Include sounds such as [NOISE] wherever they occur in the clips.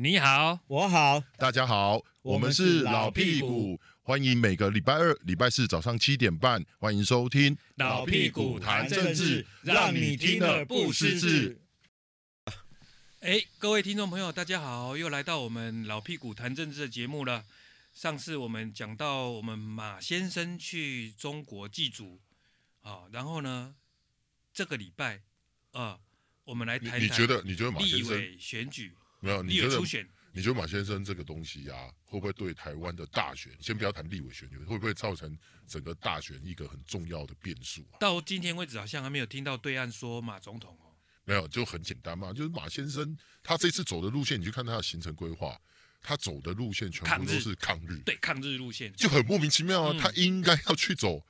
你好，我好，大家好，我們是老屁股，屁股歡迎每個禮拜二、禮拜四早上七點半，歡迎收聽老屁股談政治，讓你聽的不失智、欸、各位聽眾朋友，大家好，又來到我們老屁股談政治的節目了。上次我們講到我們馬先生去中國祭祖、哦，然後呢，這個禮拜、呃、我們來談談你，你覺得你覺得立委選舉。沒有，你覺得你覺得馬先生這個東西呀、啊，會不會對台灣的大選，先不要談立委選舉，會不會造成整個大選一個很重要的變數、啊？到今天為止，好像還沒有聽到對岸說馬總統哦。沒有，就很簡單嘛，就是馬先生他這次走的路線，你去看他的行程規劃，他走的路線全部都是抗日，抗日對抗日路線就很莫名其妙啊。嗯、他應該要去走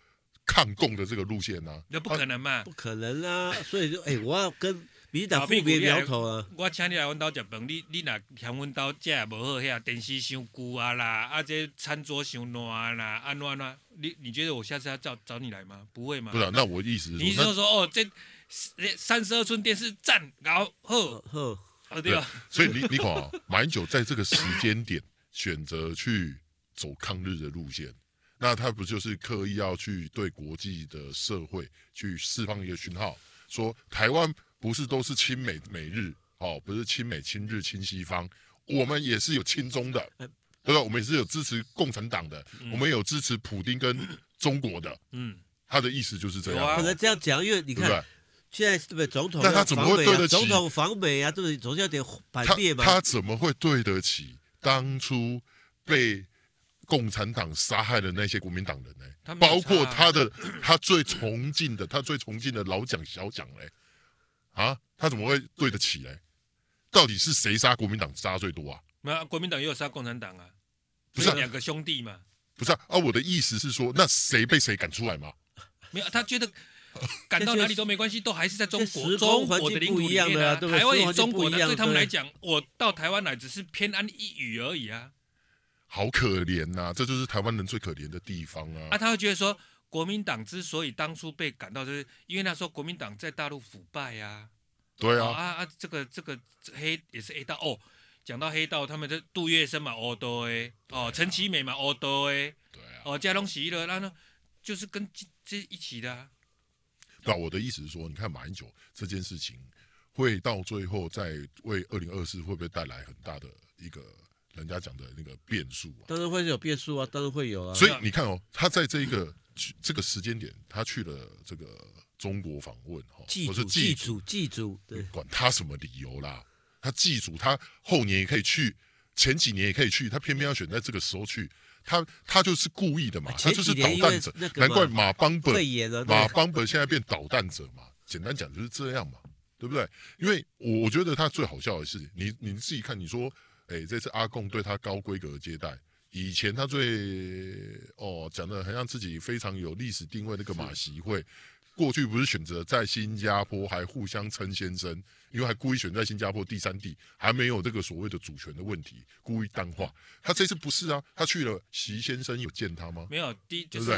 抗共的這個路線呢、啊，那不可能嘛，不可能啦、啊。所以就……哎、欸，我要跟。 [LAUGHS] 你打屁股，你搖頭啊，啊不不！我請你來阮家吃飯，你你若嫌阮家這無好，遐、那個、電視太舊啊啦，啊，啊這餐桌太亂啦，安安啦，你你覺得我下次要找找你來嗎？不會嗎？不是、啊，那我的意思是，你就說，說哦，這三十二寸電視站，然後呵，對啊。所以你你講啊，馬英九在這個時間點選擇去走抗日的路線， [LAUGHS] 那他不就是刻意要去對國際的社會去釋放一個訊號，說台灣？不是都是親美美日哦？不是親美親日親西方，我們也是有親中的，對吧？我們也是有支持共產黨的，嗯、我們也有支持普丁跟中國的。嗯，他的意思就是這樣。不能這樣講，因為你看，對對現在不是總統、啊，但他怎麼會對得起總統訪美啊？對不對？總統要點百列吧？他怎麼會對得起當初被共產黨殺害的那些國民黨人呢？啊、包括他的他最崇敬的，他最崇敬的老蔣、小蔣呢？啊，他怎麼會對得起嘞？對到底是誰殺國民黨殺最多啊？沒有、啊，國民黨也有殺共產黨啊，不是兩個兄弟嘛？不是啊，不是啊，啊，我的意思是說，那誰被誰趕出來嗎？ [LAUGHS] 沒有，他覺得趕到哪裡都沒關係，都還是在中國。 [LAUGHS] 啊、中國的領土不一樣啊，台灣也是中國的，對他們來講，我到台灣來只是偏安一隅而已啊。好可憐吶、啊，這就是台灣人最可憐的地方啊。啊，他會覺得說。國民黨之所以當初被趕到，就是因為那時候國民黨在大陸腐敗呀、啊。對啊、哦，啊啊，這個這個黑也是黑道哦。講到黑道，他們的杜月笙嘛，哦多哎，哦，陳其美嘛，哦多哎，對啊，哦，嘉龍喜衣的，然後就是跟這一起的、啊。那我的意思是說，你看馬英九這件事情，會到最後再為二零二四會不會帶來很大的一個人家講的那個變數啊？當然會有變數啊，當然會有啊。所以你看哦，他在這一個。 [COUGHS] 這個時間點，他去了這個中國訪問，哈，祭祖，祭祖，祭祖，對，不管他什麼理由啦，對他祭祖，他後年也可以去，前幾年也可以去，他偏偏要選在這個時候去，他他就是故意的嘛，幾他就是搗蛋者，難怪馬邦本，那個、馬邦本現在變搗蛋者嘛，簡單講就是這樣嘛，對不對？因為我覺得他最好笑的事情，你你自己看，你說，哎，這次阿共對他高規格接待。以前他最哦講得很像自己非常有歷史定位的那個馬習會，是過去不是選擇在新加坡還互相稱先生，因為還故意選在新加坡第三地，還沒有這個所謂的主權的問題，故意淡化。他這次不是啊，他去了習先生有見他嗎？沒有，第一就是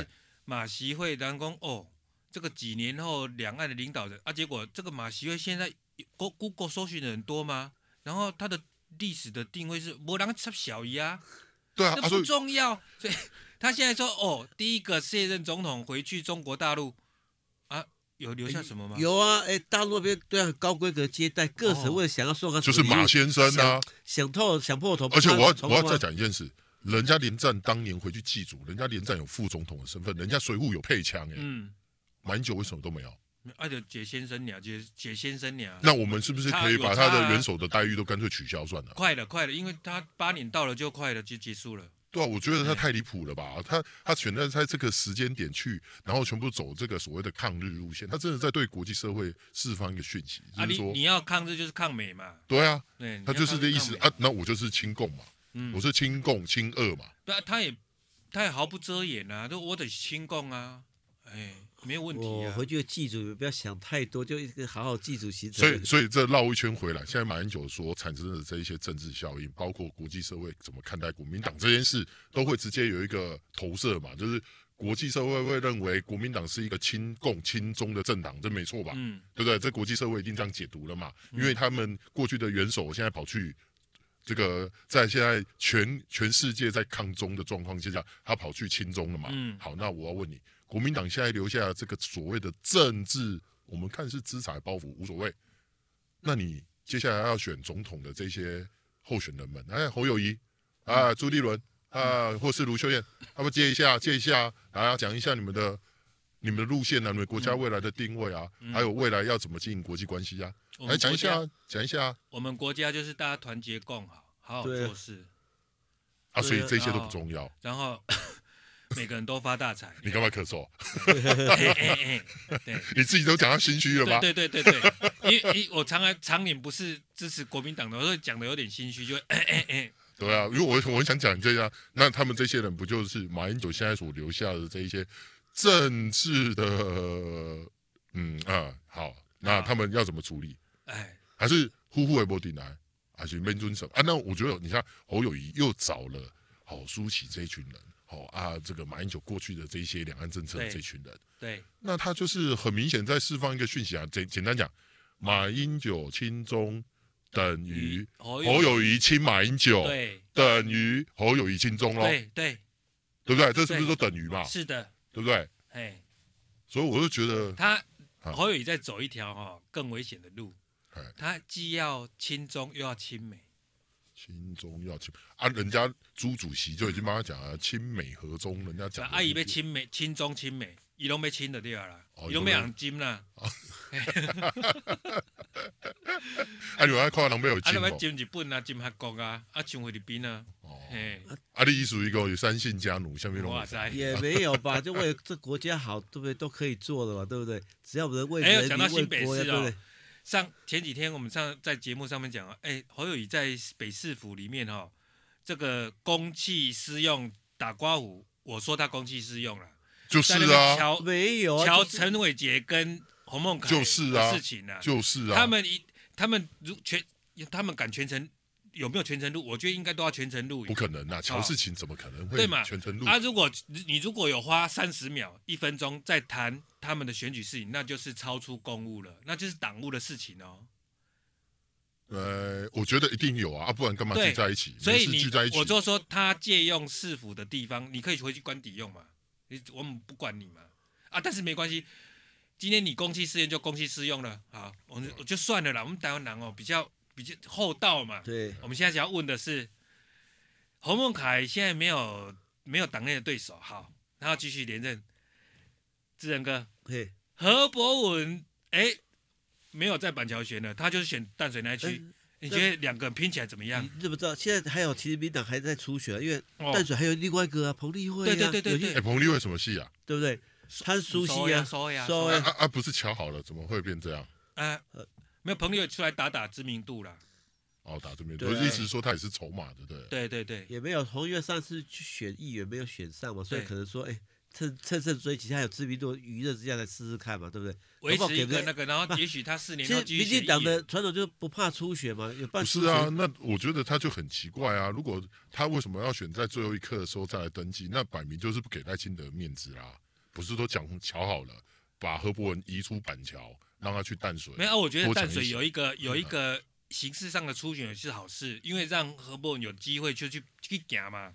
馬習會南宮哦，這個幾年後兩岸的領導人啊，結果這個馬習會現在 Go Google 搜尋的人多嗎？然後他的歷史的定位是我兩個小姨啊。對啊，說重要。啊、所，以所以他現在說，哦，第一個卸任總統回去中國大陸啊，有留下什麼嗎？欸、有啊，哎、欸，大陸那邊對要、啊、高規格接待，哦、各省會想要送個就是馬先生啊，想，想透想破頭。而且我要我要再講一件事，人家連戰當年回去祭祖，人家連戰有副總統的身份，人家隨扈有配槍，哎，嗯，蠻久為什麼都沒有？啊、就解先生鳥，解解先生鳥，那我們是不是可以把他的元首的待遇都乾脆取消算了，啊？快了，快了，因為他八年到了就快了，就結束了。對啊，我覺得他太離譜了吧？對他他選擇在這個時間點去，然後全部走這個所謂的抗日路線，他真的在對國際社會釋放一個訊息，就是、說、啊、你，你要抗日就是抗美嘛。對啊，對抗抗他就是這意思啊。那我就是親共嘛，嗯、我是親共親俄嘛。對，他也他也毫不遮掩啊，就我得親共啊，哎、欸。沒有問題啊，回去記住，不要想太多，就一個好好記住了。其實，所以所以這繞一圈回來，現在馬英九說產生的這一些政治效應，包括國際社會怎麼看待國民黨這件事，都會直接有一個投射嘛，就是國際社會會認為國民黨是一個親共親中的政黨，這沒錯吧？嗯，對不對？這國際社會已經這樣解讀了嘛？因為他們過去的元首現在跑去這個在現在全全世界在抗中的狀況之下，他跑去親中了嘛？嗯，好，那我要問你。國民黨現在留下了這個所謂的政治，我們看是資產包袱無所謂。那你接下來要選總統的這些候選人們，哎，侯友宜啊，朱立倫啊，或是盧秀燕，他、啊、們接一下，接一下，來、啊、講一下你們的、你們的路線啊，你們國家未來的定位啊，還有未來要怎麼經營國際關係啊，來講一下，講一下、啊。我們國家就是大家團結共好好，好做事對啊，所以這些都不重要。然後。然後每個人都發大財，你幹嘛咳嗽啊？你自己都講到心虛了嗎？對對對對，對，因為，我常常常年不是支持國民黨的，所以講的有點心虛，就哎哎哎，對啊，因為我我想講這樣，那他們這些人不就是馬英九現在所留下的這一些政治的，嗯啊，好，那他們要怎麼處理？哎，還是呼呼不伯頂啊，還是蠻遵守。啊？那我覺得你像侯友宜又找了郝舒琪這一群人。哦啊，這個馬英九過去的這些兩岸政策的這群人，對，對，那他就是很明顯在釋放一個訊息啊。簡簡單講，馬英九親中等於侯友宜親馬英九，對，等於侯友宜親中咯。對對，對不對？這是不是都等於吧？是的，對不對？哎，是是，所以我就覺得他侯友宜在走一條哈、哦、更危險的路，嘿他既要親中又要親美。親中要親啊，人家朱主席就已經幫他講了，親美和中，人家講。阿姨要親美，親中，親美，伊都沒親的地方啦。有咩人金啦？啊，你話靠人沒有金？啊，你話金日本啊，金黑國啊，啊，搶菲律賓啊？哦，啊，你意思一個有三姓家奴，像你咁。哇塞，也沒有吧？就為這國家好，對不對？都可以做的嘛，對不對？只要唔得為人民，為國對不對？上前幾天我們上在節目上面講啊，哎、欸，侯友宜在北市府裡面哦，這個公器私用打瓜虎，我說他公器私用了，就是啊，喬喬陳偉杰跟洪孟、啊，楷就是啊事情啊，就是啊，他們一他們如全，他們敢全程，有沒有全程錄？我覺得應該都要全程錄影。不可能啊，喬事情怎麼可能會全程錄影？哦？啊，如果你如果有花三十秒、一分鐘在談他們的選舉事情，那就是超出公務了，那就是黨務的事情哦。呃，我覺得一定有啊，不然幹嘛聚在一起？所以你我就說，他借用市府的地方，你可以回去官邸用嘛？我們不管你嘛，啊，但是沒關係，今天你公器私用就公器私用了，好，我我就算了啦，我們台灣人哦比較。比較厚道嘛，對。我們現在想要問的是，洪孟楷現在沒有沒有黨內的對手，好，然後繼續連任。志仁哥，對何博文，哎、欸，沒有在板橋選的，他就是選淡水那一區。欸、你覺得兩個人拼起來怎麼樣？你怎麼知道？現在還有其實民黨還在初選，因為淡水還有另外一個、啊、彭莉惠、啊、對對對對，對去、欸、彭莉惠什麼戲啊？對不對？他是蘇系啊。蘇呀蘇啊。啊不是喬好了，怎麼會變這樣？哎、啊。呃沒有朋友出來打打知名度啦，哦，打知名度，一直對說他也是籌碼，不對對對，也沒有。同月上次去選議員沒有選上嘛，對所以可能說，哎、欸，趁趁勝追擊，他有知名度，娛樂之下來試試看嘛，對不對？回報給個那個，然後也許他四年，其實民進黨的傳統就是不怕出血嘛，有半是啊。那我覺得他就很奇怪啊，如果他為什麼要選在最後一刻的時候再來登記，那擺明就是不給賴清德面子啦。不是都講瞧好了，把何博文移出板橋。讓他去淡水。沒有我覺得淡水有一個一有一個形式上的初選是好事，嗯、哼因為讓何博文有機會就去去講嘛，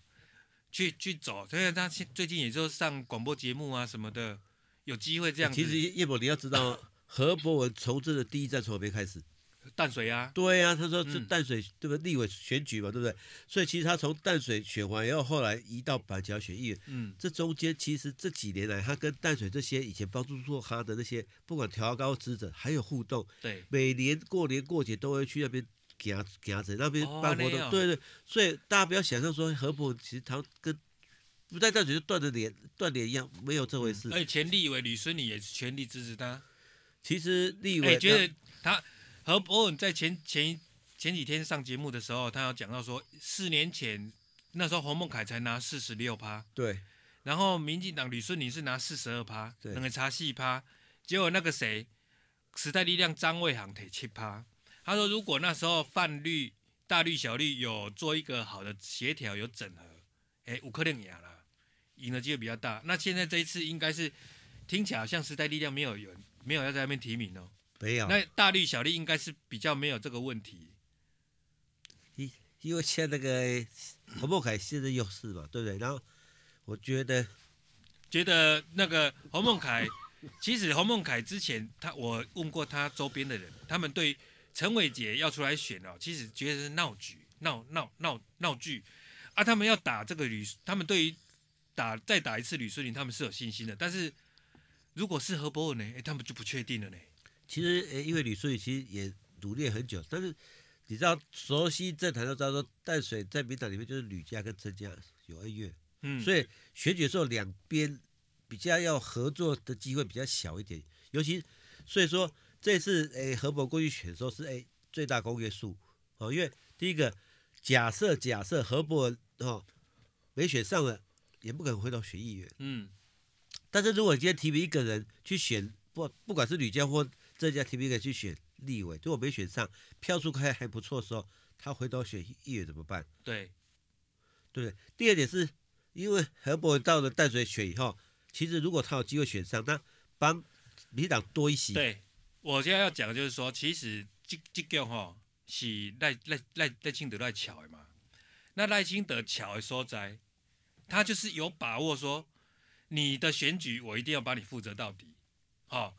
去去走。所以他最近也就是上廣播節目啊什麼的，有機會這樣，其實葉伯，你要知道、呃、何博文從政的第一站從哪邊開始？淡水啊，對呀、啊，他說是淡水，嗯，對不對？立委選舉嘛，對不對？所以其實他從淡水選完以，然後後來移到板橋選議員。嗯，這中間其實這幾年來，他跟淡水這些以前幫助過他的那些，不管調高支持，還有互動。對，每年過年過節都會去那邊給他給他那邊辦活動。哦哦，對對，所以大家不要想象說何博其實他跟不在淡水就斷了臉斷臉一樣，沒有這回事。嗯，而且前立委呂孫綾也是全力支持他。其實立委，欸，覺得他。何博文在前前前幾天上節目的時候，他有講到說，四年前那時候洪孟楷才拿四十六趴，對，然後民進黨呂孫綾是拿四十二趴，兩對個差四趴，結果那個誰，時代力量張衛航，才七趴，他說如果那時候泛綠大綠小綠有做一個好的協調，有整合，哎、欸，有可能贏了啦，贏的機會比較大。那現在這一次應該是聽起來好像時代力量沒有有沒有要在那邊提名哦、喔。沒有，那大綠小綠應該是比較沒有這個問題，因因為像那個洪孟楷現在優勢嘛，對不對？然後我覺得，覺得那個洪孟楷，其實洪孟楷之前他，我問過他周邊的人，他們對陳偉杰要出來選哦，其實覺得是鬧劇，鬧鬧鬧鬧劇，啊，他們要打這個呂，他們對於打再打一次呂孫綾，他們是有信心的，但是如果是何博文呢？哎、欸，他們就不確定了呢。其實、欸、因為呂書儀其實也努力很久，但是你知道，熟悉政壇都知道，淡水在民黨裡面就是呂家跟曾家有恩怨，嗯、所以選舉的時候兩邊比較要合作的機會比較小一點，尤其所以說這次誒、欸，何博文過去選說是誒、欸、最大公約數，哦，因為第一個假設假設何博文哦沒選上了，也不可能回到選議員，嗯，但是如果你今天提名一個人去選，不不管是呂家或這家提名去選立委，如果沒選上，票數還還不錯的時候，他回頭選議員怎麼辦？對，對不對？第二點是，因為何博文到了淡水選以後，其實如果他有機會選上，那幫民進黨多一些。對，我現在要講就是說，其實這這個哈是賴賴賴賴清德賴橋的嘛。那賴清德橋的所在，他就是有把握說，你的選舉我一定要幫你負責到底，好。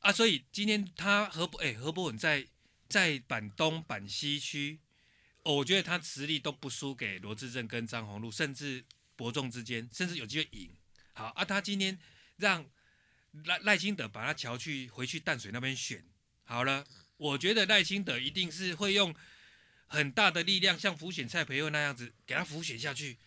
啊，所以今天他何博哎、欸、何博文在在板東板西區、哦，我覺得他實力都不輸給羅致政跟張宏陸，甚至伯仲之間，甚至有機會贏。好，啊他今天讓賴賴清德把他調去回去淡水那邊選。好了，我覺得賴清德一定是會用很大的力量，像浮選蔡培慧那樣子給他浮選下去。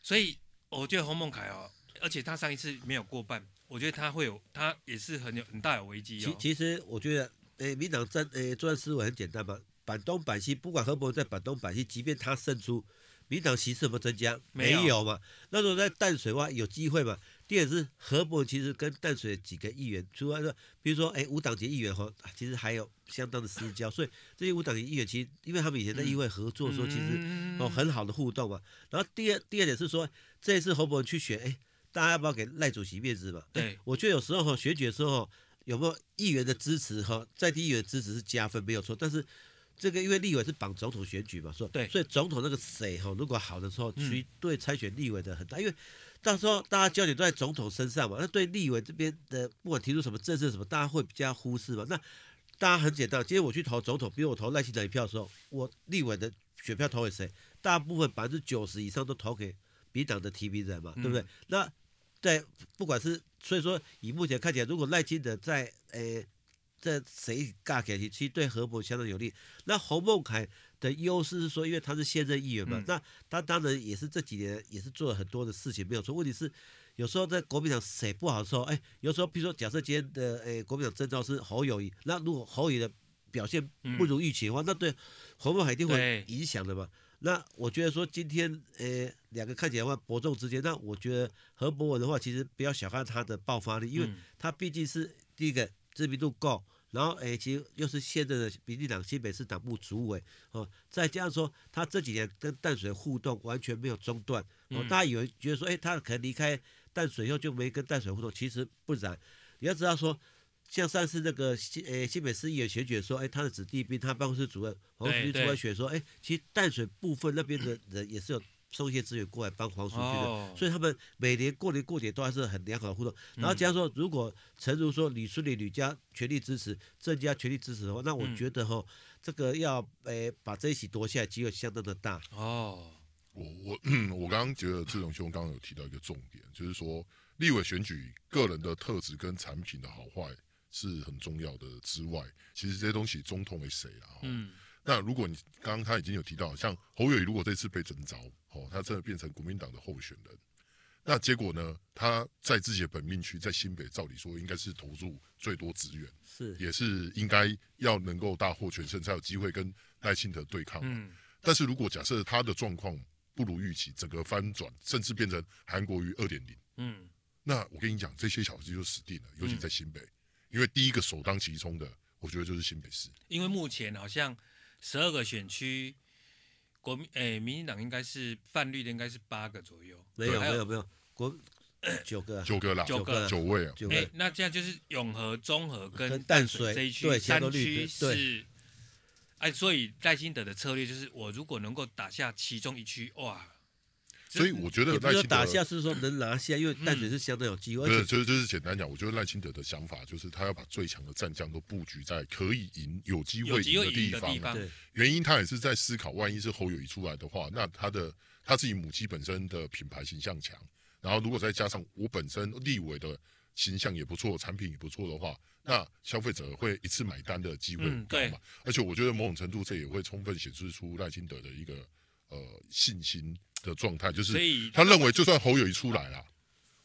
所以我覺得洪孟楷哦，而且他上一次沒有過半。我覺得他會有，他也是很有很大的危機哦。其其實我覺得，誒、欸，民黨政誒作戰思維很簡單嘛，板東板西，不管何博文在板東板西，即便他勝出，民黨席次不增加，沒有，沒有嘛？那時候在淡水哇，有機會嘛？第二是何博文其實跟淡水幾個議員除外，除了說，比如說誒無黨籍議員哈，其實還有相當的私交， [LAUGHS] 所以這些無黨籍議員其實因為他們以前在議會合作的時候，其實有、嗯哦、很好的互動嘛。然後第二第二點是說，這一次何博文去選，誒、欸。大家要不要給賴主席面子嘛？對、欸，我覺得有時候哈選舉的時候，有沒有議員的支持哈，在地議員的支持是加分沒有錯，但是這個因為立委是綁總統選舉嘛，說對，所以總統那個誰哈如果好的時候，其實對參選立委的很大，嗯、因為到時候大家焦點都在總統身上嘛，那對立委這邊的不管提出什麼政策什麼，大家會比較忽視嘛。那大家很簡單，今天我去投總統，比如我投賴清德一票的時候，我立委的選票投給誰？大部分百分之九十以上都投給。比黨的提名人嘛，嗯、對不對？那在不管是所以說，以目前看起來，如果賴清德在誒、呃、在誰干 K 型，其實對何某相當有利。那洪孟楷的優勢是說，因為他是現任議員嘛，嗯、那他當然也是這幾年也是做了很多的事情，沒有說，問題是有時候在國民黨誰不好的時候，哎，有時候比如說假設今天的誒、呃、國民黨徵召是侯友宜，那如果侯友的表現不如預期的話，嗯、那對洪孟楷一定會影響的嘛。那我覺得說今天，誒、欸，兩個看起來的話伯仲之間，那我覺得何博文的話，其實不要小看他的爆發力，因為他畢竟是第一個知名度夠，然後誒、欸，其實又是現在的比利黨西北市黨部民進黨新北市黨部主委哦，再加上說他這幾年跟淡水互動完全沒有中斷，哦，大家以為覺得說，哎、欸，他可能離開淡水以後就沒跟淡水互動，其實不然，你要知道說。像上次那個新誒、欸、新北市議員選舉說，哎、欸，他的子弟兵，他辦公室主任黃書記出來選說，哎、欸，其實淡水部分那邊的人也是有送一些資源過來幫黃書記的，哦、所以他們每年過年過節都還是很良好的互動。嗯、然後，假如說如果陳如說，李書里、你家全力支持，這家全力支持的話，那我覺得哈，嗯、這個要誒、欸、把這一席奪下來，機會相當的大哦。我我我剛剛覺得志榮兄剛剛有提到一個重點，呵呵就是說立委選舉個人的特質跟產品的好壞是很重要的之外，其實這些東西總統為誰啊？嗯，那如果你剛剛他已經有提到，像侯友宜如果這次被徵召，哦，他真的變成國民黨的候選人，那結果呢？他在自己的本命區，在新北，照理說應該是投入最多資源，是也是應該要能夠大獲全勝，才有機會跟賴清德對抗。嗯，但是如果假設他的狀況不如預期，整個翻轉，甚至變成韓國瑜二點零，嗯，那我跟你講，這些小弟就死定了，尤其在新北。嗯因為第一個首當其衝的，我覺得就是新北市。因為目前好像十二個選區，國民、欸，民進黨應該是泛綠的，應該是八個左右。沒有，還有沒有，沒有，國九個，九個啦，九個，九個，九位啊。那這樣就是永和、中和跟淡水，跟淡水這一區，對，的三區是。對哎，所以賴清德的策略就是，我如果能夠打下其中一區，哇！就所以我覺得你要打下是說能拿下，嗯、因為淡水是相當有機會。對，是就是就是簡單講，我覺得賴清德的想法就是他要把最強的戰將都布局在可以贏、有機會贏的、啊、的地方。對原因他也是在思考，萬一是侯友宜出來的話，那他的他自己母雞本身的品牌形象強，然後如果再加上我本身立委的形象也不錯，產品也不錯的話，那消費者會一次買單的機會、嗯、對。大。而且我覺得某種程度這也會充分顯示出賴清德的一個呃信心。的狀態就是，他認為就算侯友宜出來了，啊，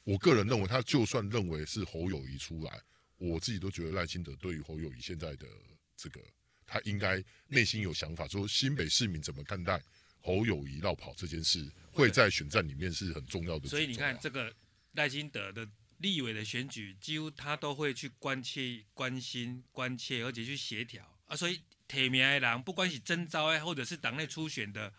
我個人認為他就算認為是侯友宜出來，我自己都覺得賴清德對於侯友宜現在的這個，他應該內心有想法，說新北市民怎麼看待侯友宜落跑這件事，會在選戰裡面是很重要的，啊。所以你看，這個賴清德的立委的選舉，幾乎他都會去關切、關心、關切，而且去協調啊。所以提名的人，不管是徵召，啊、或者是黨內初選的。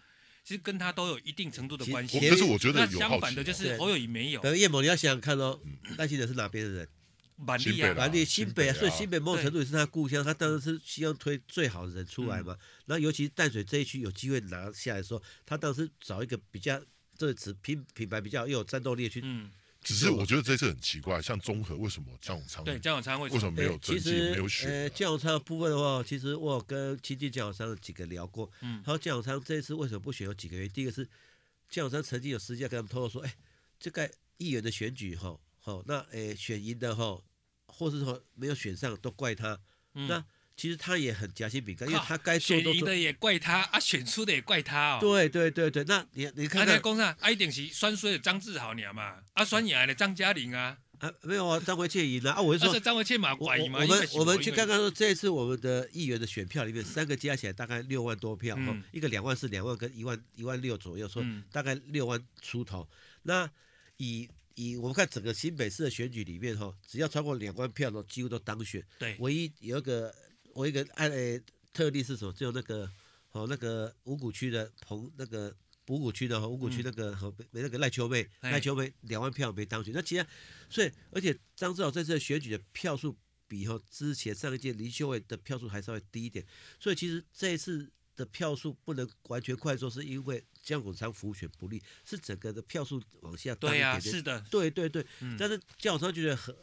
其實跟他都有一定程度的關係，但是我覺得有、啊、相反的就是侯友宜沒有。葉某，你要想想看哦，擔心的是哪邊的人？滿地啊，地新北啊，北啊、所以新北某種程度也是他故鄉，他當時是希望推最好的人出來嘛。那、嗯、尤其是淡水這一區有機會拿下來的時候，他當時找一個比較這次詞品品牌比較又有戰鬥力去。嗯只是我覺得這次很奇怪，像綜合為什麼江永昌？對，江永昌為什、為什麼沒有、沒有選？啊欸？其實，呃、欸，江永昌的部分的話，其實我有跟親近江永昌幾個聊過，嗯，然後江永昌這一次為什麼不選有幾個原因？嗯、第一個是江永昌曾經有私下跟他們透露說，哎、欸，這個議員的選舉哈，哈，那哎、欸、選贏的哈，或者說沒有選上都怪他，嗯、那。其實他也很夾心餅乾，因為他該說的也怪他啊，選出的也怪他哦。對對對對，那你你看看，剛才公上阿一點是酸酸的張志豪鳥嘛，阿酸也來了張嘉玲啊。的的啊，啊，沒有啊，張維慶贏了啊，我是說是張維慶馬寡姨嘛我。我們我們去看看說這一次我們的議員的選票裡面三個加起來大概六萬多票，嗯、一個兩萬四兩萬跟一萬一萬六左右，說大概六萬出頭。嗯、那以以我們看整個新北市的選舉裡面哈，只要超過兩萬票都幾乎都當選。對，唯一有一個。我一個按誒、欸、特例是什麼？就那個哦，那個五股區的棚，那個五股區的吼，五股區那個吼沒那個賴秋媚，賴秋、欸、媚兩萬票沒當選。那其他，所以而且張志豪這次選舉的票數比吼之前上一屆林秀會的票數還稍微低一點。所以其實這一次的票數不能完全快速，是因為江永昌服務選不利，是整個的票數往下一點點。對呀、啊，是的，對對對。嗯、但是江永昌覺得很，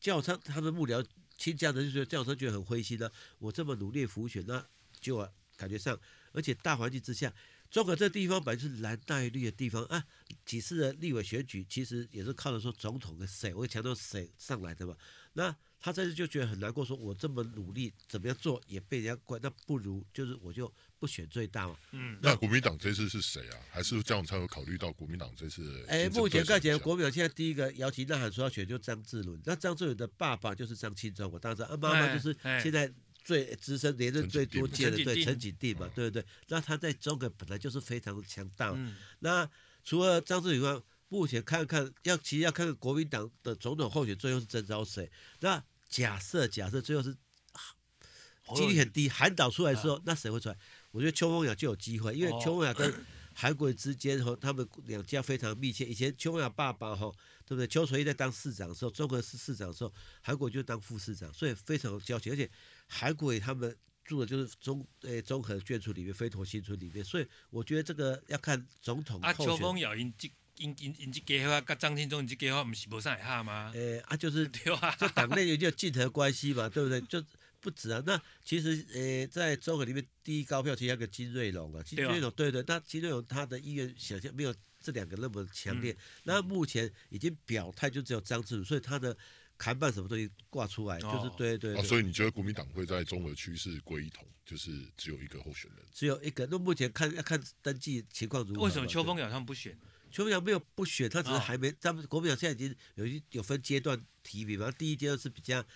江永昌他的幕僚。親家呢，就覺得這樣子就很灰心呢、啊。我這麼努力服選、啊，那就、啊、感覺上，而且大環境之下，中國這地方本來就是藍帶綠的地方啊。幾次的立委選舉，其實也是靠着說總統跟誰會強調誰上來的嘛。那他這次就覺得很難過，說我這麼努力怎麼樣做也被人家關，那不如就是我就。不選最大嘛？嗯，那，那國民黨這次是誰啊？還是這樣才會考慮到國民黨這次？哎、欸，目前看起來，國民黨現在第一個搖旗吶喊說要選，就張智倫。那張智倫的爸爸就是張慶宗，我當時，媽媽就是現在最資深、欸欸、資深連任最多屆的，陳陳對，陳錦錠嘛，嗯、對不對，對。那他在三重本來就是非常強大。嗯、那除了張智倫，目前看看要其實要看看國民黨的總統候選最後是徵召誰？那假設假設最後是幾、啊、率很低，韓導、哦、出來的時候，啊、那誰會出來？我覺得邱烽堯就有機會，因為邱烽堯跟韓國瑜之間哈，哦呃、他們兩家非常密切。以前邱烽堯爸爸哈，對不對？邱垂益在當市長的時候，中和市市長的時候，韓國瑜就當副市長，所以非常有交情。而且韓國瑜他們住的就是中誒、欸、中和的眷村裡面，飛駝新村裡面，所以我覺得這個要看總統。啊，邱烽堯，因這因因因這話跟張慶忠這計劃不是無甚海嗎？誒、欸，啊，就是，對啊、就黨內也就競合關係嘛，對不對？就。 [LAUGHS] 不止啊！那其實，呃、欸，在中和裡面，第一高票是那個金瑞龍啊。金瑞龍，對對。對啊、那金瑞龍他的意願想象沒有這兩個那麼強烈。嗯、那目前已經表態就只有張智倫，所以他的看板什麼東西掛出來，哦、就是對對、對、啊。所以你覺得國民黨會在中和區是歸一統，就是只有一個候選人。只有一個。那目前看要看登記情況如何。為什麼邱鳳陽他們不選？邱鳳陽沒有不選，他只是還沒。哦、他們國民黨現在已經有一有分階段提名，然後第一階段是比較。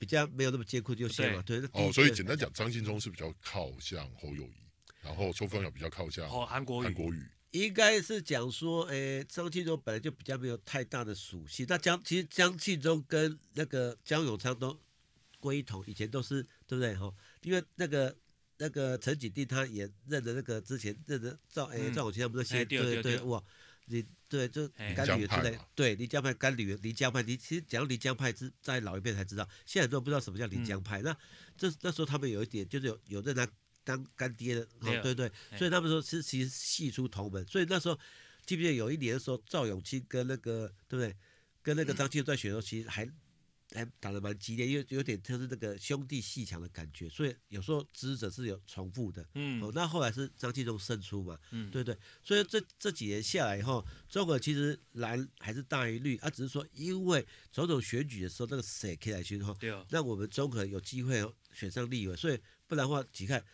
比較沒有那麼艱苦就行了，對。對哦，對所以簡單講，張慶忠是比較靠向侯友宜，然後周鳳友比較靠向哦韓國瑜。哦、國語應該是講說，誒、欸，張慶忠本來就比較沒有太大的屬性。那江其實江慶忠跟那個江永昌都，郭一以前都是對不對哈、哦？因為那個那個陳景峻他也認得那個之前認得趙誒趙永清他們那些，欸趙不是嗯、對對對，對對對哇。你對，就乾女兒之類，對漓江、江派、乾女兒、漓江派，你其實講漓江派是在老一輩才知道，現在都不知道什麼叫漓江派。嗯、那這那時候他們有一點，就是有有在那當乾、乾爹的有、哦，對對，哎、所以他們說是其實其實系出同門。所以那時候記不記得有一年的時候，趙永清跟那個對不對，跟那個張清在選的時候，嗯、其實還。哎，還打的蠻激烈，因為有點就是那個兄弟鬩牆的感覺，所以有時候支持者是有重複的，嗯、哦，那後來是張慶忠勝出嘛，嗯，對，對對，所以這這幾年下來以後，中和其實藍還是大於綠，啊，只是說因為種種選舉的時候那個誰可以來去哈，哦、對、哦、讓我們中和有機會哦選上立委，所以不然的話你看，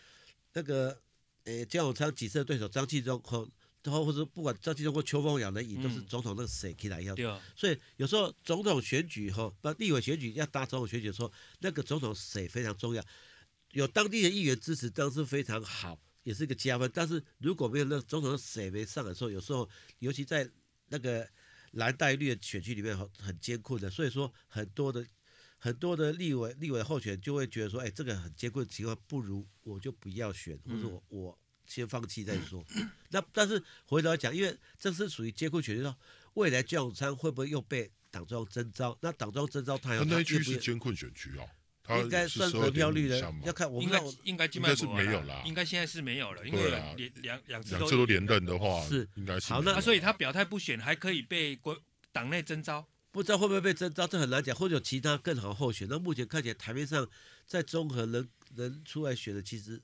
那個呃江永昌幾次的對手張慶忠哈。哦之後或者不管在新加坡秋風一樣的，也都是總統那個誰起來要，嗯、所以有時候總統選舉以後，那立委選舉要打總統選舉的時候那個總統誰非常重要，有當地的議員支持，當然是非常好，好也是一個加分。但是如果沒有那總統誰沒上的時候，有時候尤其在那個藍帶綠的選區裡面很很艱困的，所以說很多的很多的立委立委候選就會覺得說，哎、欸，這個很艱困的情況，不如我就不要選，或者、嗯、我說我。先放棄再說。嗯嗯、那但是回頭講，因為這是屬於監控選區，未來江永昌會不會又被黨中央徵召？那黨中央徵召，召他要就是監控選區哦，是應該算得票率的，要看，我看我應。應該應該，是沒有了應該現在是沒有了，啦因為兩兩兩次都連任的話是應該是。好，那、啊、所以他表態不選，還可以被國黨內徵召，不知道會不會被徵召，這很難講，或者有其他更好的候選。那目前看起來台面上在綜合能能出來選的，其實。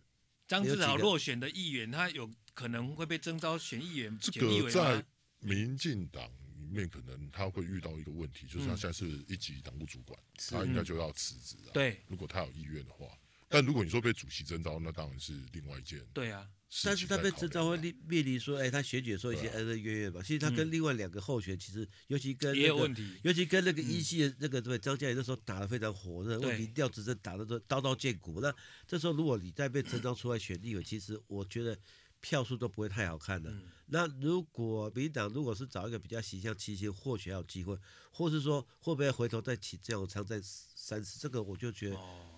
張志豪落選的議員，他有可能會被徵召選議員。這個在民進黨裡面可能他會遇到一個問題，就是他現在是一級黨務主管，嗯、他應該就要辭職啊。對，嗯、如果他有意願的話，但如果你說被主席徵召，那當然是另外一件。對啊。但是他被徵召會面面臨說，哎，他選舉說一些恩恩怨怨吧。其實他跟另外兩個候選，其實、嗯、尤其跟那個有問題尤其跟那個一系的那個、嗯、對張嘉益那時候打的非常火熱，對問題調之爭打的都刀刀見骨。那這時候如果你再被徵召出來選立委， [COUGHS] 其實我覺得票數都不會太好看的。嗯、那如果民黨如果是找一個比較形象、清新，或許還要有機會，或是說會不會回頭再請鄭永昌再三次，這個我就覺得。哦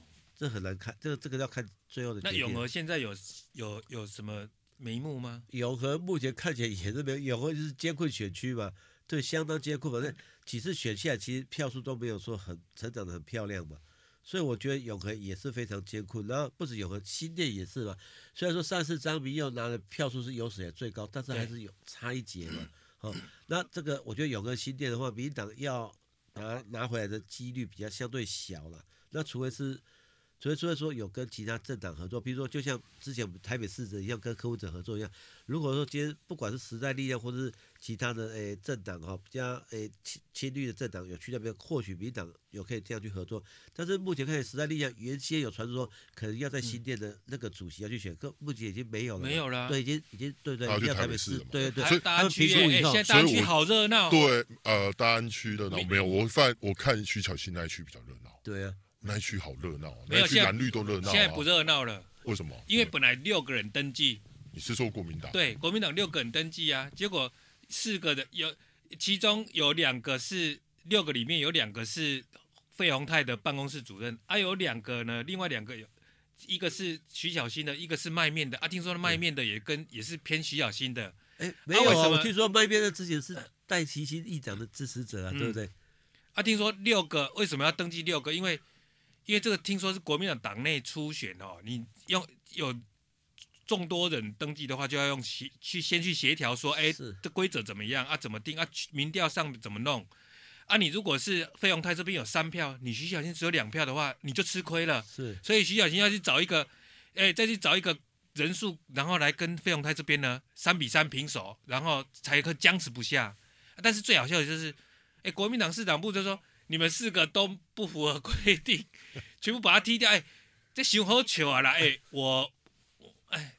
這很難看，這這個要看最後的。那永和現在有有有什麼眉目嗎？永和目前看起來也是沒有，永和就是艱困選區嘛，對，相當艱苦。反正幾次選下來其實票數都沒有說很成長的很漂亮嘛，所以我覺得永和也是非常艱苦。然後不止永和，新店也是嘛。雖然說上次張明又拿的票數是有史以來最高，但是還是有差一截嘛。好對，那這個我覺得永和新店的話，民黨要拿拿回來的幾率比較相對小了。那除非是。所以所以說有跟其他政黨合作，比如說就像之前我們台北市一樣，跟柯文哲合作一樣。如果說今天不管是時代力量或者是其他的誒、欸、政黨哈，像誒親親綠的政黨有去那邊，或許民黨有可以這樣去合作，但是目前看時代力量原先有傳說可能要在新店的那個主席要去選，嗯、可目前已經沒有了，沒有了，對，已經已經對對，因為台北市對對對，他們提出以後，欸、大安區所以好熱鬧，對，呃，大安區熱鬧沒有，我反我看徐巧芯那一區比較熱鬧，對啊。那一區好熱鬧，啊，沒有那一區藍綠都熱鬧，啊。現在不熱鬧了，為什麼？因為本來六個人登記。你是說國民黨？對，國民黨六個人登記啊。結果四個人有，其中有兩個是六個裡面有兩個是費鴻泰的辦公室主任還、啊、有兩個呢，另外兩個有，一個是徐巧芯的，一個是賣麵的啊。聽說賣麵的也跟、嗯、也是偏徐巧芯的。哎、欸，沒有啊。啊我聽說那邊的之前是戴錫欽議長的支持者啊，嗯、對不對？啊，聽說六個為什麼要登記六個？因為因為這個聽說是國民黨黨內初選哦，你用有眾多人登記的話，就要用協去先去協調說，哎，是這規則怎麼樣啊？怎麼定啊？民調上怎麼弄啊？你如果是費鴻泰這邊有三票，你徐巧芯只有兩票的話，你就吃虧了。是，所以徐巧芯要去找一個，哎，再去找一個人數，然後來跟費鴻泰這邊呢三比三平手，然後才可僵持不下。但是最好笑的就是，哎，國民黨市黨部就說。你們四個都不符合規定，全部把他踢掉。哎、欸，這熊好糗啊，哎，我，哎、欸，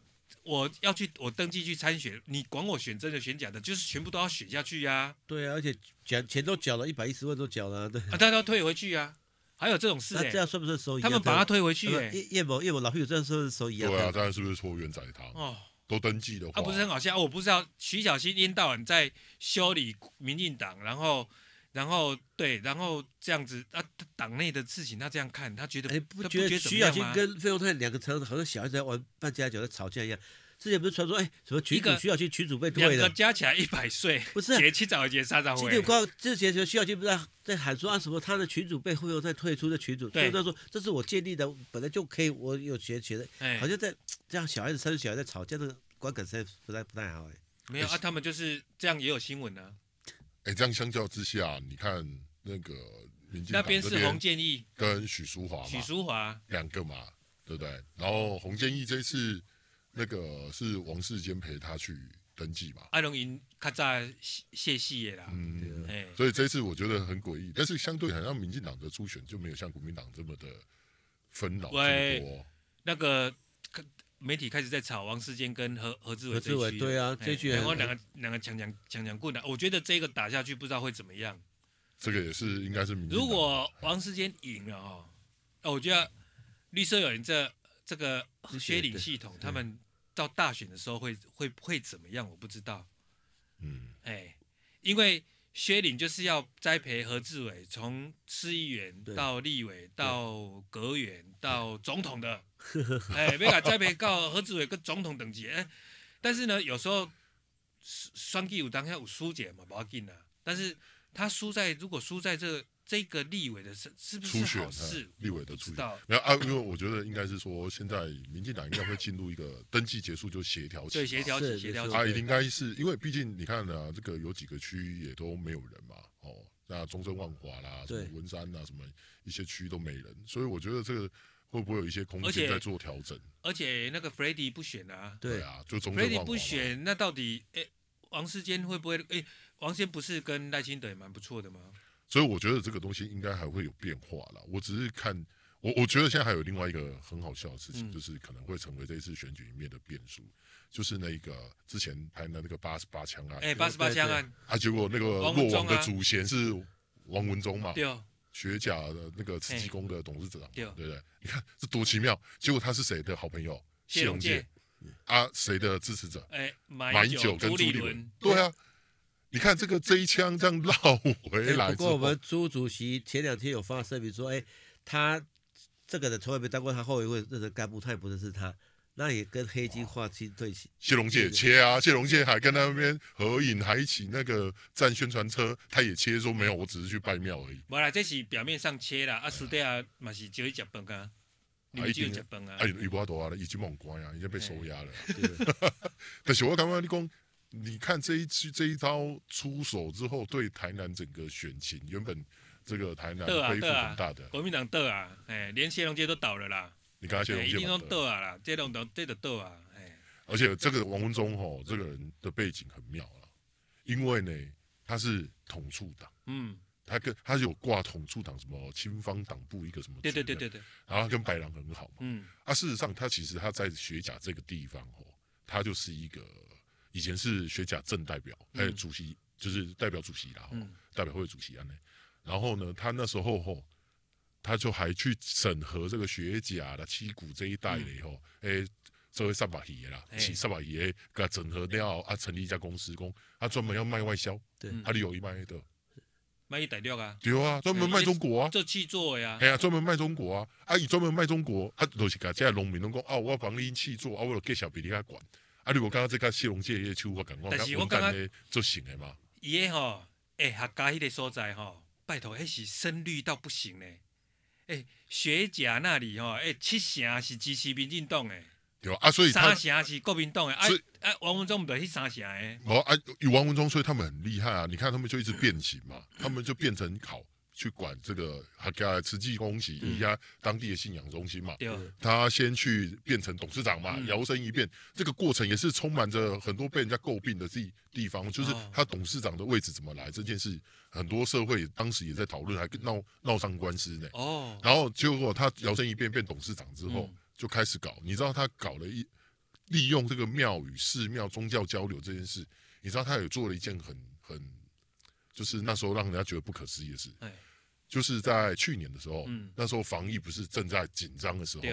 我要去，我登記去參選，你管我選真的選假的，就是全部都要選下去呀、啊。對啊，而且繳錢都繳了，一百一十萬都繳了，對。啊，大家都要退回去啊。還有這種事、欸這算算，這樣算不算收益？他們把他退回去，耶耶某、耶某老夫有這樣收的收益啊？對啊，這樣看是不是脫員宰糖？哦，都登記的話，他、啊、不是很好笑。我不知道徐巧芯一天到晚在修理民進黨，然後。然後對，然後這樣子，啊，黨內的事情他這樣看，他覺得哎、欸、不，不覺得徐巧芯跟費鴻泰兩個成好像小孩子在玩扮家家酒在吵架一樣。之前不是傳說哎、欸、什麼群主徐巧芯群主被退的，兩個加起來一百歲，不是結七早結三早會。有之前光之前說徐巧芯不是在喊說啊什麼他的群主被費鴻泰退出的群主，對所以他說這是我建立的，本來就可以，我有覺覺得好像在這樣小孩子三歲小孩子在吵架那個觀感在不太不太好哎、欸。沒有且啊，他們就是這樣也有新聞呢、啊。哎、欸，這樣相較之下，你看那個民進黨那邊是洪建義跟許淑華，許淑華兩個嘛，對不對，對？然後洪建義這次那個是王世堅陪他去登記嘛，阿龍因較早謝謝戲啦，嗯，對所以這次我覺得很詭異，對但是相對好像民進黨的初選就沒有像國民黨這麼的紛擾很多，那個。媒體開始在炒王世堅跟何何志偉這局，對啊，嘿這局然後兩個兩個強強強強棍啊，我覺得這個打下去不知道會怎麼樣。這個也是應該是的，如果王世堅贏了哦，我覺得綠色有人這這個薛凌系統，他們到大選的時候會會會會怎麼樣，我不知道。嗯，哎，因為薛凌就是要栽培何志偉，從市議員，到立委，到閣員，到總統的。 [LAUGHS] 哎，呵呵。再別搞何志偉跟總統等級哎，但是呢，有時候選舉有當下有輸者嘛，不要緊啊。但是他輸在如果輸在這個、這個立委的是是不是初選？是立委的初選。沒有啊，因為我覺得應該是說，現在民進黨應該會進入一個登記結束，就協調期對，協調期協調期應該是對因為畢竟你看呢，這個有幾個區也都沒有人嘛，哦，那中正、萬華啦，對什麼文山啊，什麼一些區都沒人，所以我覺得這個。會不會有一些空間在做調整？而且，而且那個 Freddy 不選啊，對啊，就中正 Freddy 不選，那到底誒，王世堅會不會誒？王先不是跟賴清德也蠻不錯的嗎？所以我覺得這個東西應該還會有變化啦。我只是看我，我覺得現在還有另外一個很好笑的事情，嗯、就是可能會成為這一次選舉裡面的變數，就是那個之前拍的那個八十八槍案，哎，八十八槍案啊，結果那個落網、啊、的主嫌是王文忠嘛？對。學甲的那個慈濟宮的董事長，欸，對，對不對？你看這多奇妙！結果他是誰的好朋友？謝龍介。啊，誰的支持者？哎、欸，買酒跟朱立倫，欸，對啊。你看這個這一槍這樣繞回來，欸。不過我們朱主席前兩天有發聲明說，哎、欸，他這個人從來沒當過他後一位認識幹部，他也不認識他。那也跟黑金、花金對起，謝龍介也切啊，謝龍介還跟他那邊合影，還一起那個站宣傳車，他也切說沒有，我只是去拜廟而已。沒啦，這是表面上切啦，阿蘇德阿馬是就一日本啊，還去日本啊？哎、啊，有無多話咧？已經曝光呀，已經被收押了。對 [LAUGHS] [LAUGHS] 但是我剛剛你講，你看這一次這一刀出手之後，對台南整個選情，原本這個台南得啊得啊，大的、啊啊、國民黨得啊，哎、欸，連謝龍介都倒了啦。你剛講的，一定、欸、都到啊啦，這種都得得到啊。哎，欸、而且這個王文忠吼、哦，嗯、這個人的背景很妙了，因為呢，他是統促黨，嗯，他跟他是有掛統促黨什麼青方黨部一個什麼？對，對對對對，對然後跟白狼很好嘛，啊、嗯，啊，事實上他其實他在學甲這個地方、哦、他就是一個以前是學甲鎮代表，還有主席，嗯、就是代表主席啦、哦，嗯，代表會主席啊，然後呢，他那時候吼、哦。他就還去審核這個學甲啦、七股這一帶的以、喔、後，誒、嗯欸，做的虱目魚啦，起、欸、虱目魚，他整合掉、欸、啊，成立一家公司講，他、啊、專門要賣外銷，對、嗯，嗯、啊，里有一賣的，賣伊大陸啊？對啊，專門賣中國啊，欸、做契作呀，哎呀、啊，專門賣中國啊，啊，里專門賣中國，就啊，都是佮即個農民攏講，哦、啊，我幫伊去做，我落計小比你較管，啊，里我剛剛即個西龍街，伊抽我感覺，我感覺做行的嘛。伊、喔欸、個吼，誒，學甲迄個所在吼，拜托，迄是深綠到不行嘞、欸。哎、欸，學甲那裡齁，哎、欸，七成是支持民進黨哎，有啊，所以三成是國民黨哎，哎以、啊，王文宗不就去三成。哎？哦啊，有王文宗，所以他們很厲害啊！你看他們就一直變形嘛， [LAUGHS] 他們就變成考。去管這個學甲慈濟宮以及人家當地的信仰中心嘛，嗯、他先去變成董事長嘛，搖身、嗯、一變，這個過程也是充滿着很多被人家詬病的地地方，就是他董事長的位置怎麼來這件事，哦、很多社會當時也在討論，還鬧鬧上官司呢。哦，然後結果他搖身一變變董事長之後，嗯、就開始搞，你知道他搞了一利用這個廟宇、寺廟、宗教交流這件事，你知道他有做了一件很很，就是那時候讓人家覺得不可思議的事。哎就是在去年的時候，嗯、那時候防疫不是正在緊張的時候，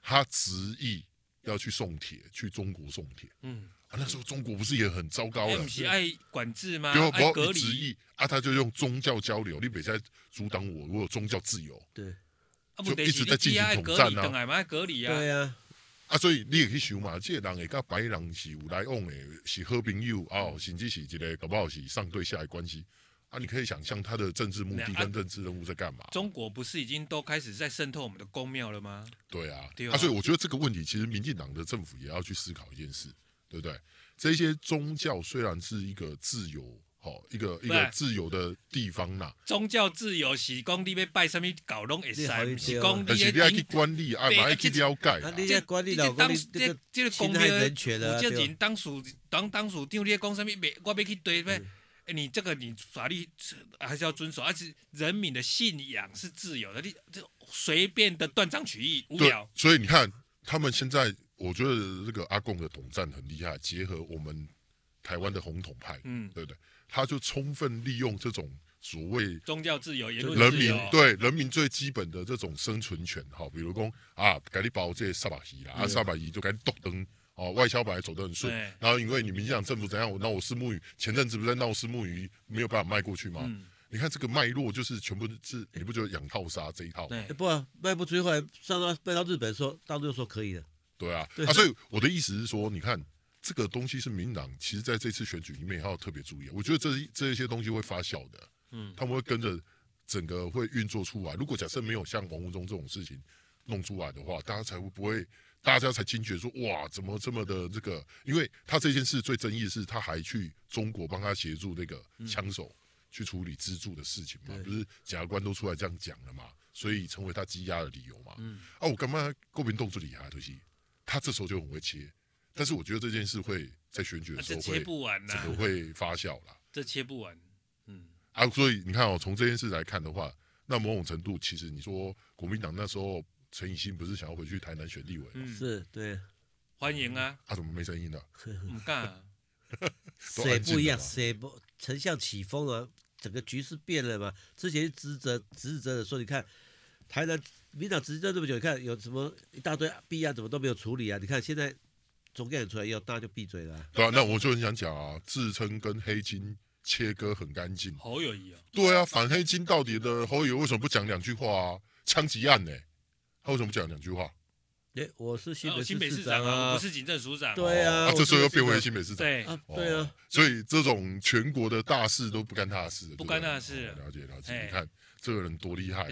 他執意要去送鐵，去中國送鐵。嗯、啊，那時候中國不是也很糟糕的？不是要管制嗎？對嗎，我執啊，他就用宗教交流，你別在阻擋我，我有宗教自由。對，就一直在進行統戰啊，隔啊，是隔隔啊對呀、啊。啊，所以你也可以想嘛，這人跟白人是有來往的，是好朋友啊、哦，甚至是一個搞不好是上對下的關係。那你可以想象他的政治目的跟政治任務在幹嘛？中國不是已經都開始在滲透我們的宮廟了嗎？對啊，啊，所以我覺得這個問題其實民進黨的政府也要去思考一件事，對不對？這些宗教雖然是一個自由，吼，一個一個自由的地方吶。宗教自由是講你要拜什麼搞攏會晒，不是講你還要去管理啊，還要去了解啊。你這個管理老公你？這是侵犯人權了，對不對？當這這個宮廟這人當屬當當屬我去對哎，你這個你法律還是要遵守，而且人民的信仰是自由的，你這隨便的斷章取義無聊。所以你看，他們現在我覺得這個阿共的統戰很厲害，結合我們台灣的紅統派，嗯，對不對？他就充分利用這種所謂宗教自由，言論自由人民對人民最基本的這種生存權，哈、哦，比如說啊，趕緊保護這些沙巴魚啦，阿、嗯啊、沙巴魚就趕緊奪燈。哦，外銷板走得很順，對然後因為民進黨政府怎樣，那虱目魚前陣子不在鬧虱目魚沒有辦法賣過去嗎？嗯、你看這個脈絡就是全部是，你不覺得養套殺這一套嗎對？不啊，賣不出去，後來上到賣到日本說，大陸就說可以了。對啊，對啊，所以我的意思是說，你看這個東西是民進黨其實在這次選舉裡面也要特別注意，我覺得這這一些東西會發酵的，嗯，他們會跟着整個會運作出來。如果假設沒有像王文中這種事情弄出來的話，大家才會不會。大家才驚覺說：“哇，怎麼這麼的這個？因為他這件事最爭議的是，他還去中國幫他協助那個槍手去處理資助的事情嘛？嗯、不是檢察官都出來這樣講了嘛？所以成為他羈押的理由嘛？嗯、啊，我幹嘛國民黨做其他東西？就是、他這時候就很會切。但是我覺得這件事會在選舉的時候會會啦、啊、切不完、啊，怎會發酵了？這切不完，嗯啊，所以你看哦，從這件事來看的話，那某種程度其實你說國民黨那時候。”陳以新不是想要回去台南選立委，嗯？是對，嗯、歡迎啊！他、啊、怎麼沒聲音呢？我們幹啊！誰呵不一樣？誰不丞相起風了？整個局勢變了嘛？之前指責指責的說，你看台南民進黨執政這麼久，你看有什麼一大堆弊案啊怎麼都沒有處理啊？你看現在總給人出來要大家就閉嘴了，啊。對啊，那我就很想講啊，自稱跟黑金切割很乾淨，侯友宜啊對啊，反黑金到底的侯友宜為什麼不講兩句話啊？槍擊案呢、欸？他為什麼講兩句話？哎，我是新新北市長啊，我是警政署長。對啊，這時候又變為新北市長。對啊，所以這種全國的大事都不幹他的事，不幹他的事。了解了解，你看這個人多厲害，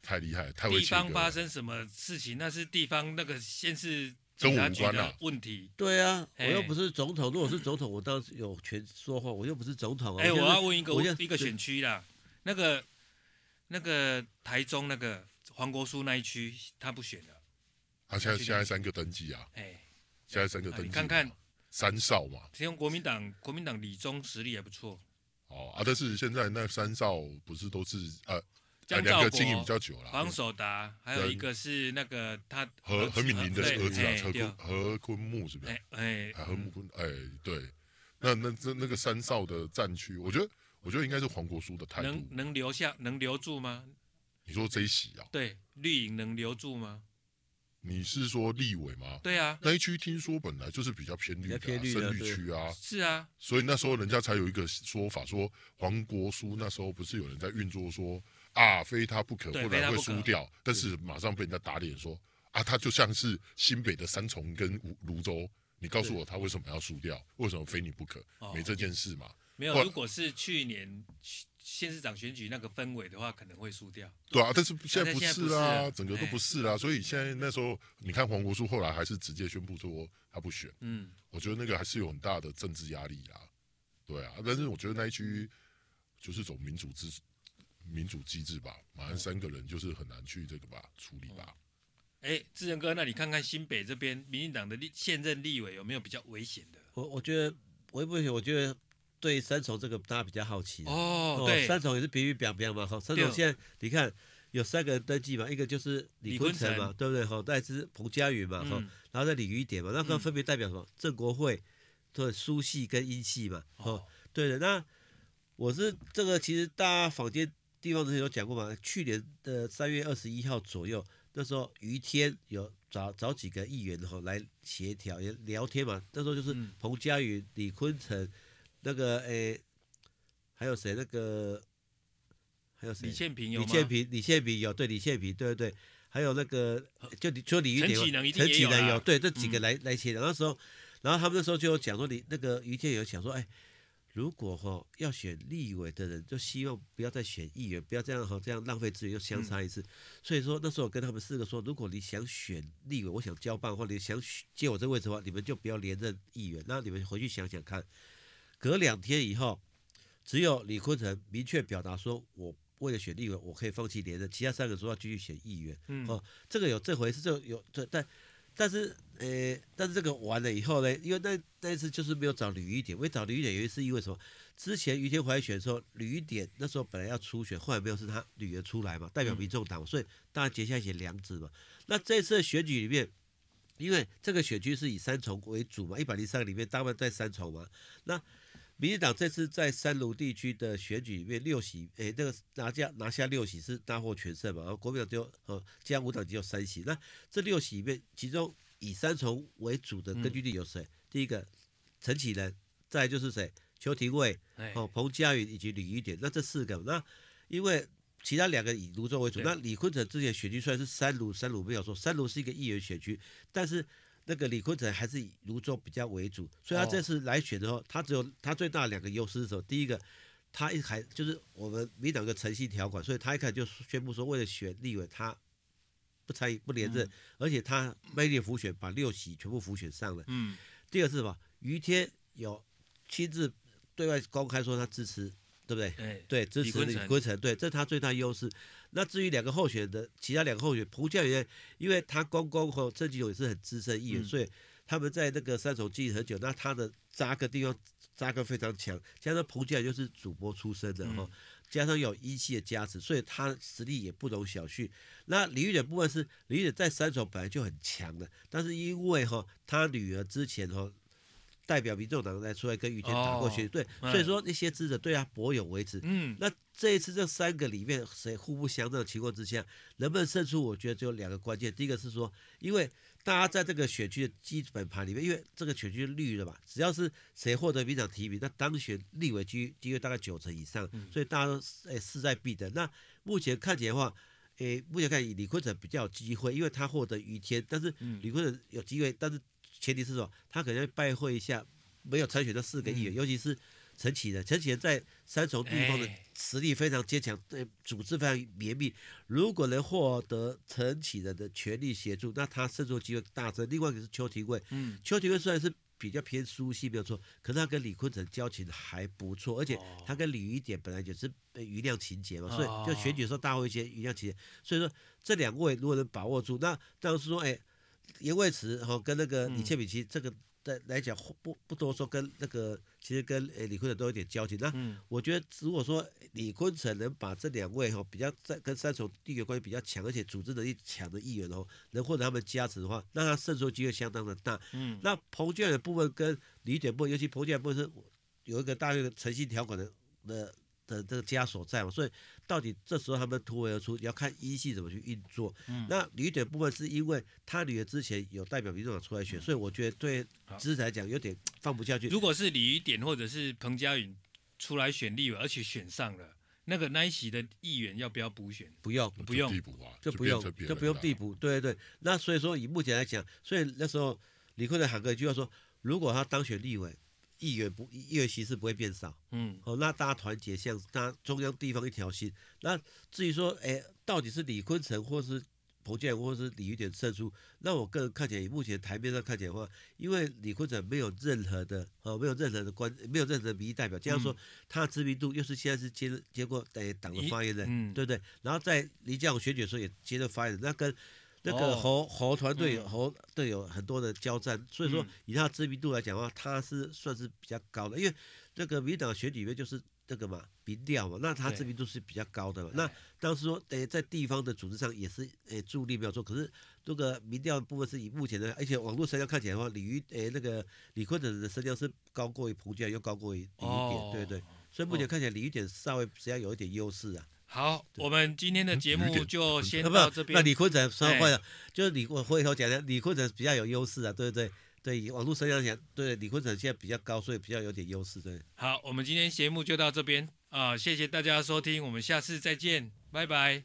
太厲害，太厲害。地方發生什麼事情，那是地方那個先是跟無關了問題。對啊，我又不是總統，如果是總統，我倒是有權說話。我又不是總統哎，我要問一個一個選區啦，那個那個台中那個。黃國書那一區他不選了，啊，現在現在三個登記啊，哎，現在三個登記，看看三少嘛。其實國民黨國民黨李宗實力也不錯。哦啊，但是現在那三少不是都是呃，兩個經營比較久了，黃守達，還有一個是那個他。何何敏明的兒子啊，何何坤木是不是？哎，何坤，哎，對，那那那那個三少的戰區，我覺得我覺得應該是黃國書的態度，能能留下能留住嗎？你說這一席啊？對，綠營能留住嗎？你是說立委嗎？對啊，那一區聽說本來就是比較偏綠的，深綠區啊。是啊，所以那時候人家才有一個說法，說黃國書那時候不是有人在運作說啊，非他不可，不然會輸掉。但是馬上被人家打臉說啊，他就像是新北的三重跟蘆洲，你告訴我他為什麼要輸掉？為什麼非你不可？沒這件事嘛？沒有，如果是去年。縣市長選舉那個氛圍的話，可能會輸掉。對啊，但是現在不是啦，是啦整個都不是啦，欸、所以現在那時候，你看黃國書後來還是直接宣布說他不選。嗯，我覺得那個還是有很大的政治壓力啊。對啊，但是我覺得那一區就是走民主制、民主機制吧，馬上三個人就是很難去這個吧、哦、處理吧。哎、欸，志成哥，那你看看新北這邊民進黨的立現任立委有沒有比較危險的？我我覺得我也不會？我覺得。對三重這個大家比較好奇、oh, 哦，對，三重也是比喻兩邊嘛，哈，三重現在你看有三個人登記嘛，對一個就是李坤城嘛，成對不對？哈、哦，再之彭佳芸嘛，哈、嗯，然後再李余典嘛，那可能分別代表什麼？正、嗯、國會的蘇系跟英系嘛，哈、哦哦，對的。那我是這個，其實大家坊間地方之前有講過嘛，去年的三月二十一號左右，那時候余天有找找幾個議員哈來協調也聊天嘛，那時候就是彭佳芸、李坤城。那個誒、欸，還有誰？那個還有誰？李建平有，李建平，李建平有，對，李建平，對對對，還有那個就,就李，說，李余典陳啟能，啟能有，對，這幾個來、嗯、來簽。那時候，然後他們那時候就有講說，你那個於建勇講說，哎，如果哈要選立委的人，就希望不要再選議員，不要這樣哈，這樣浪費資源又相差一次。嗯、所以說那時候我跟他們四個說，如果你想選立委，我想交棒或者你想接我這個位置的話，你們就不要連任議員。那你們回去想想看。隔兩天以後，只有李坤城明確表達說：“我為了選立委，我可以放棄連任。”其他三個說要繼續選議員。哦，這個有這回事，這個、有，對，但但但是，呃，但是這個完了以後呢？因為那那一次就是沒有找李余典，沒找李余典，原因是因為什麼？之前余天懷選的時候，李余典那時候本來要初選，後來沒有是他女兒出來嘛，代表民眾黨，嗯、所以當然接下來結梁子嘛。那這一次選舉裡面，因為這個選區是以三重為主嘛，一百零三個裡面大部分在三重嘛。那民進黨這次在三蘆地區的選舉裡面六席，欸、那個拿下拿下六席是大獲全勝嘛。然後國民黨就，哦，加無黨，只有三席。那這六席裡面，其中以三重為主的根據地有誰？嗯、第一個陳啟仁，再就是誰？邱廷尉嘿 哦，彭佳芸以及李余典。那這四個，那因為其他兩個以蘆洲為主。對 那李坤城之前選區雖然是三蘆，三蘆沒有說三蘆是一個議員選區，但是。那個李坤城還是以蘆洲比較為主，所以他這次來選的時候，哦、他只有他最大的兩個優勢的時候，第一個，他一開就是我們民黨的誠信條款，所以他一開就宣布說為了選立委，他不參與不連任，嗯、而且他賣力輔選把六席全部輔選上了。嗯，第二是什麼，余天有親自對外公開說他支持，對不對？哎、對，支持李坤城，嗯、對，這是他最大優勢。那至於兩個候選人的，其他兩個候選人，彭佳芸，因為他公公吼、哦，鄭吉勇也是很資深的議員，嗯、所以他們在那個三重經營很久，那他的扎根地方扎根非常強，加上彭佳芸就是主播出身的哈，嗯、加上有一系的加持，所以他實力也不容小覷。那李余典部分是李余典在三重本來就很強的，但是因為哈、哦、他女兒之前哈。哦代表民眾黨來出來跟余天打過去，對，所以說那些資者對他頗有微詞。嗯，那這一次這三個裡面誰互不相讓的情況之下，能不能勝出？我覺得只有兩個關鍵。第一個是說，因為大家在這個選區的基本盤裡面，因為這個選區綠的嘛，只要是誰獲得民進黨提名，那當選立委機率約大概九成以上，所以大家都勢在必得。那目前看起來的話，誒，目前看李坤城比較有機會，因為他獲得余天，但是李坤城有機會，但是。前提是什麼？他可能要拜會一下沒有參選的四個議員，嗯、尤其是陳啟仁。陳啟仁在三重地方的實力非常堅強，對、欸、組織非常綿密。如果能獲得陳啟仁的全力協助，那他勝出機會大增。另外一個是邱庭桂，邱、嗯、廷桂雖然是比較偏蘇系沒有錯，可是他跟李坤城交情還不錯，而且他跟李余典本來就是余量情節嘛，所以就選舉的時候，大會些余量情節、哦、所以說這兩位如果能把握住，那當然是說，哎、欸。言為慈哈，跟那個李切比奇，嗯、這個在來講不不多說，跟那個其實跟誒李坤城都有點交情。那我覺得如果說李坤城能把這兩位哈、哦、比較在跟三重地緣關係比較強，而且組織能力強的議員哦，能獲得他們加持的話，那他勝出機會相當的大。嗯、那彭佳芸的部分跟李余典部分，尤其彭佳芸部分是有一個大約的誠信條款的，呃的這個枷鎖在嘛，所以到底這時候他們突圍而出，你要看一係怎麼去運作。嗯、那李余典的部分是因為他女兒之前有代表民眾黨出來選，嗯、所以我覺得對資材講有點放不下去。如果是李余典或者是彭佳芸出來選立委，而且選上了，那個那一席的議員要不要補選？不要，不用就、啊、就不用，就，就不用遞補。對對對，那所以說以目前來講，所以那時候李坤城喊哥，就要說，如果他當選立委。議員不，議員席是不會變少。嗯，好、哦，那大家團結，像大家中央地方一條心。那至於說，哎、欸，到底是李坤城或是彭建，或是李余典勝出？那我個人看起來，目前台面上看起來的話，因為李坤城沒有任何的，呃、哦，沒有任何的關，沒有任何的民意代表。這樣說，嗯、他的知名度又是現在是接接過黨、欸、的發言人，嗯、對不對，對？然後在李建榮選舉的時候也接着发言人，那跟。這個侯侯團隊侯隊友很多的交戰，所以說以他知名度來講的話，他是算是比較高的，因為這個民進黨選舉裡面就是這個嘛，民調嘛，那他知名度是比較高的嘛。對那當時說，誒、欸、在地方的組織上也是誒、欸、助力比較多，可是這個民調部分是以目前的，而且網絡聲量看起來的話，李余誒那個李坤的聲量是高過於彭佳芸，又高過於李余典，oh. 對，對對，所以目前看起來李余典稍微只要有一點優勢啊。好，對我們今天的節目就先到這邊。那，嗯嗯嗯嗯、李坤城說，對說，說，或者就是李，我回頭講講，李坤城比較有優勢啊，對不對，對？對，網絡成交量，對李坤城現在比較高，所以比較有點優勢，對。好，我們今天節目就到這邊啊，謝謝大家收聽，我們下次再見，拜拜。